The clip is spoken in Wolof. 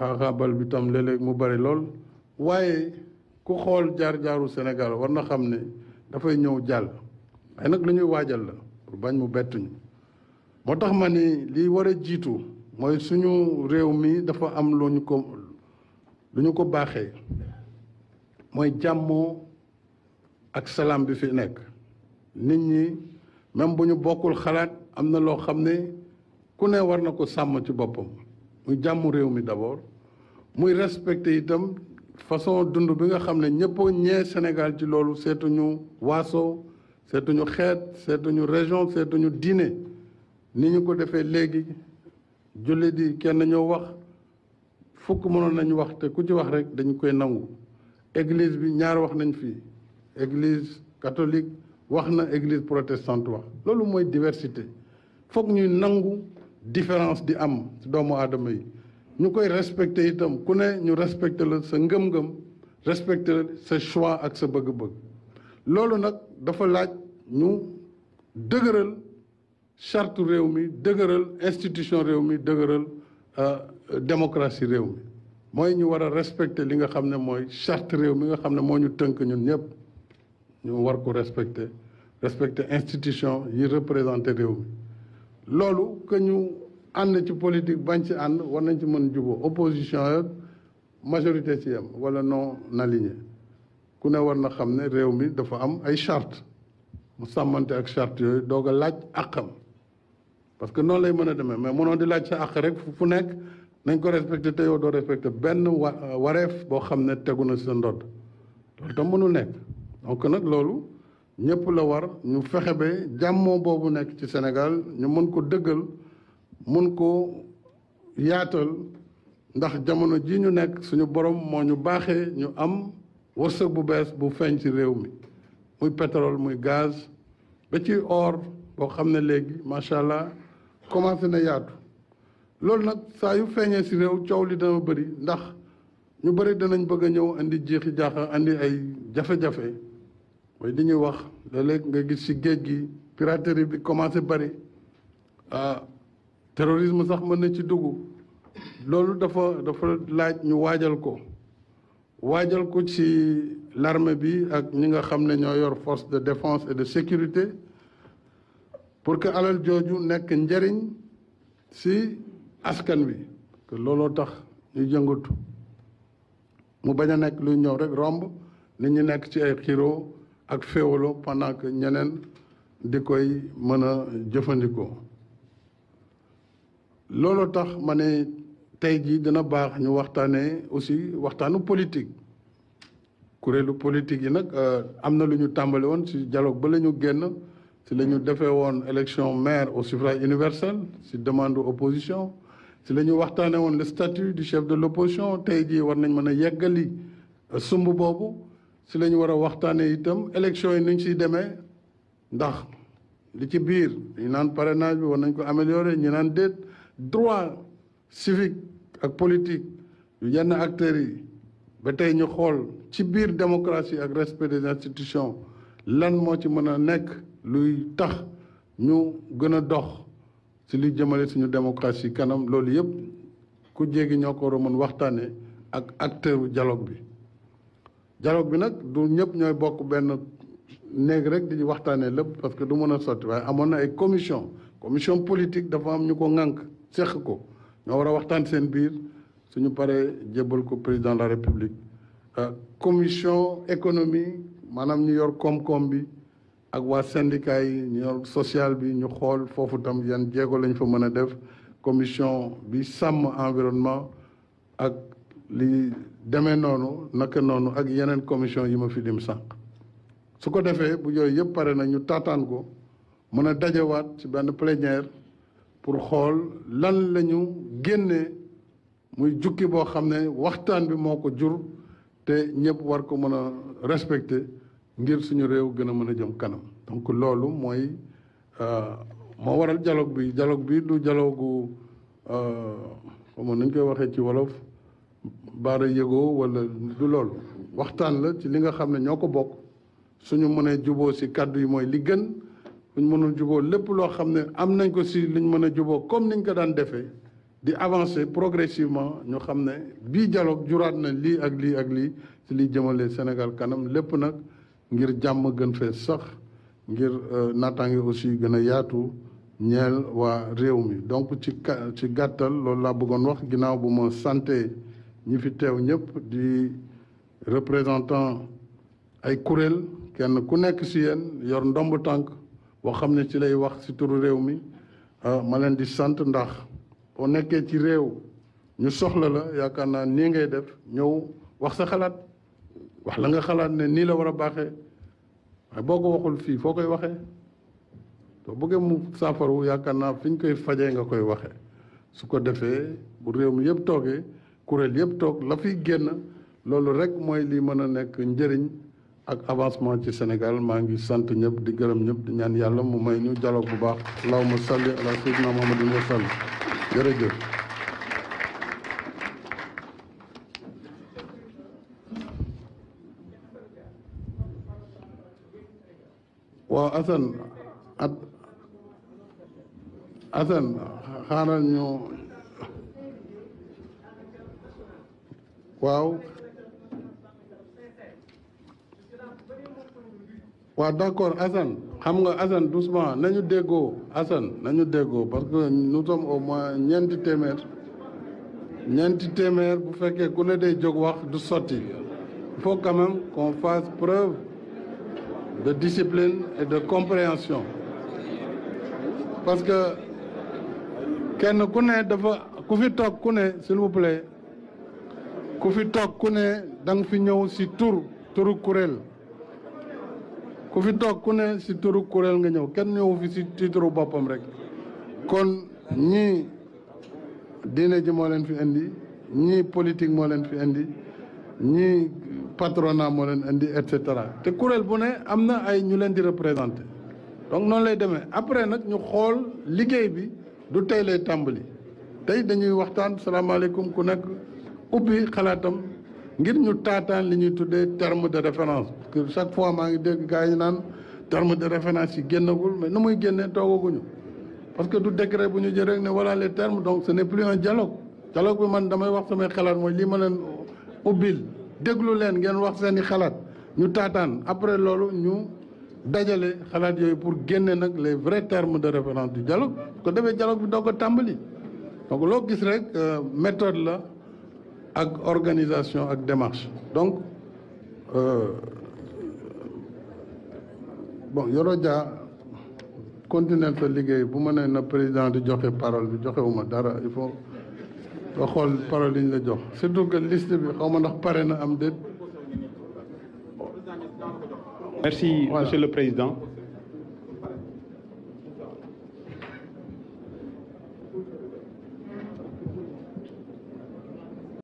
xaaxaabal bi tam léeg mu bari lool waaye ku xool jaar-jaaru Sénégal war na xam ne dafay ñëw jàll ay nag lañuy waajal la pour bañ mu bettuñu moo tax ma ni lii war a jiitu mooy suñu réew mi dafa am lu ñu ko baaxee mooy jàmm ak salaam bi fi nekk nit ñi même bu ñu bokkul xalaat am na loo xam ne ku ne war na ko sàmm ci boppam muy jàmm réew mi d'abord muy respecté itam façon dund bi nga xam ne ñëppoo ñee Sénégal ci loolu ñu waaso seetuñu xeet ñu région ñu diine ni ñu ko defee léegi jullit yi kenn ñoo wax fukk mënoon nañu wax te ku ci wax rek dañu koy nangu église bi ñaar wax nañ fii église catholique wax na église protestante wa loolu mooy diversité foog ñuy nangu différence di am doomu aadama yi ñu koy respecté itam ku ne ñu respecté la sa ngëm-ngëm respecté la sa choix ak sa bëgg-bëgg loolu nag dafa laaj ñu dëgëral charte réew mi dëgëral institution réew mi dëgëral euh, démocratie réew mi mooy ñu war a respecté li nga xam ne mooy charte réew mi nga xam ne moo ñu tënk ñun ñëpp ñu war ko respecté respecté institution yi représenté réew mi loolu que ñu ànd ci politique bañ ci ànd war nañ ci mën juboo opposition yo majorité ci yam walla noo aligné ku ne war na xam ne réew mi dafa am ay charte mu sàmmante ak charte yooyu doog a laaj àqam parce que noonu lay mën a demee mais mënoon di laaj sa àq rek fu nekk nañ ko respecté te yow doo respecté benn wa wareef boo xam ne tegu na sa ndodd loolu tam mënul nekk donc nag loolu ñëpp la war ñu fexe ba jàmmoo boobu nekk ci Sénégal ñu mën ko dëggal mun koo yaatal ndax jamono ji ñu nekk suñu borom moo ñu baaxee ñu am wërsëg bu bees bu feeñ ci réew mi muy pétrole muy gaz ba ci or boo xam ne léegi macha allah commencé na yaatu loolu nag saa yu feeñee ci réew coow li dana bëri ndax ñu bëri danañ bëgg a ñëw indi jeexi jaaxa indi ay jafe-jafe mooy li ñuy wax léeg nga gis ci géej gi piraterie bi commencé bëri ah terrorisme sax mën na ci dugg loolu dafa dafa laaj ñu waajal ko waajal ko ci l'armée bi ak ñi nga xam ne ñoo yor force de défense et de sécurité pour que alal jooju nekk njariñ si askan wi que looloo tax ñu jëngatu mu bañ a nekk luy ñëw rek romb ni ñu nekk ci ay xiroo ak féewalo pendant que ñeneen di koy mën a jëfandikoo looloo tax ma ne tey jii dina baax ñu waxtaanee aussi waxtaanu politique kuréelu politique yi nag euh, am na lu ñu tàmbali woon si jaloog ba la ñu génn si lañu defee woon élection maire au suffrage universel ci demande opposition si la ñu waxtaanee woon le statut du chef de l'opposition tey jii war nañ mën a yeggali euh, sumb boobu si lañu war a waxtaanee itam élection yi nuñ siy demee ndax li ci biir ñu naan parrainage bi war nañ ko améliorer ñu naan déet. droit civique ak politique yenn acteurs yi ba tey ñu xool ci biir démocratie ak respect des institutions lan moo ci mën a nekk luy tax ñu gën a dox ci li jëmale suñu démocratie kanam loolu yëpp ku jéggi ñoo ko war a mën waxtaanee ak acteur dialogue bi dialogue bi nag du ñëpp ñooy bokk benn néeg rek di waxtaanee lépp parce que du mën a sotti waaye amoon na ay commission commission politique dafa am ñu ko ŋànk seq ko ñoo war a waxtaan seen biir suñu paree jébbal ko président la république euh, commission économie maanaam ñu yor koom-koom bi ak waa syndicat yi ñu yor social bi ñu xool foofu tam yan jéego lañ fa mën a def commission bi sàmm environnement ak li demee noonu naka noonu ak yeneen commission yi ma fi lim sànq su ko defee bu yooyu yëpp pare na ñu taataan ko mën a dajawaat ci benn plénière pour xool lan la ñu génnee muy jukki boo xam ne waxtaan bi moo ko jur te ñëpp war ko mën a respecter ngir suñu réew gën a mën a jëm kanam donc loolu mooy euh, moo waral dialogue bi jaloog bi du dialogue gu xamoon nañ koy waxee ci wolof baara yëgoo wala du loolu waxtaan la ci li nga xam ne ñoo ko bokk suñu mënee juboo si kàddu yi mooy li gën luñ mënul juboo lépp loo xam ne am nañ ko si luñ mën a juboo comme niñ ko daan defee di avancer progressivement ñu xam ne bii jaloog juraat na lii ak lii ak lii si lii jëmale Sénégal kanam lépp nag ngir jàmm gën fee sax ngir euh, naataange aussi gën a yaatu ñeel waa réew mi donc ci ci gàttal loolu laa bëggoon wax ginnaaw bu ma santé ñi fi teew ñëpp di représentant ay kuréel kenn ku nekk si yéen yor ndomb tànk boo xam ne ci lay wax si turu réew mi ah, ma leen di sant ndax boo nekkee ci réew ñu soxla la yaakaar naa nii ngay def ñëw wax sa xalaat wax la nga xalaat ne nii la war a baaxe waaye boo ko waxul fii foo koy waxee soo bëggee mu yaakaar naa fi koy fajee nga koy waxee su ko defee bu réew mi yëpp toogee kuréel yëpp toog la fi génn loolu rek mooy lii mën a nekk njëriñ ak avancement ci Sénégal maa ngi sant ñëpp di gërëm ñëpp di ñaan yàlla mu may ñu dialogue bu baax allahumma salli ala sayyidina muhammadin wa sallam jërëjëf waaw Assane at Assane xaaral ñu waaw waaw d'accord Assane xam nga Assane doucement nañu déggoo Assane nañu déggoo parce que nu sommes au moins ñeenti téeméer ñeenti téeméer bu fekkee ku ne day jóg wax du sotti il faut quand même qu'on fasse preuve de discipline et de compréhension parce que kenn ku ne dafa ku fi toog ku ne s'il vous ku fi toog ku ne da fi ñëw si tur turu kuréel ku fi toog ku ne si turu kuréel nga ñëw kenn ñëwu fi si si boppam rek kon ñii diine ji moo leen fi indi ñii politique moo leen fi indi ñii patronat moo leen indi et te kuréel bu ne am na ay ñu leen di représenté donc noonu lay demee après nag ñu xool liggéey bi du tey lay tàmbali tey dañuy waxtaan salaamaaleykum ku nekk ubbi xalaatam ngir ñu taataan li ñuy tuddee terme de référence parce que chaque fois maa ngi dégg gars yi naan terme de référence yi génnagul mais nu muy génnee toogaguñu parce que du décret bu ñu jël rek ne voilà terme termes donc ce n'est plus un dialogue dialogue bi man damay wax samay xalaat mooy lii ma leen ubbil déglu leen ngeen wax seen i xalaat ñu taataan après loolu ñu dajale xalaat yooyu pour génne nag les vrais termes de référence du dialogue ko defee dialogue bi doo ko tàmbali donc loo gis rek euh, méthode la ak organisation ak démarche donc euh, bon Yoro Dia continuer liggéey bu ma nee na président di joxe parole bi joxewuma dara il faut nga xool parole yi la jox surtout que liste bi xaw ma ndax pare na am déet. merci monsieur le président.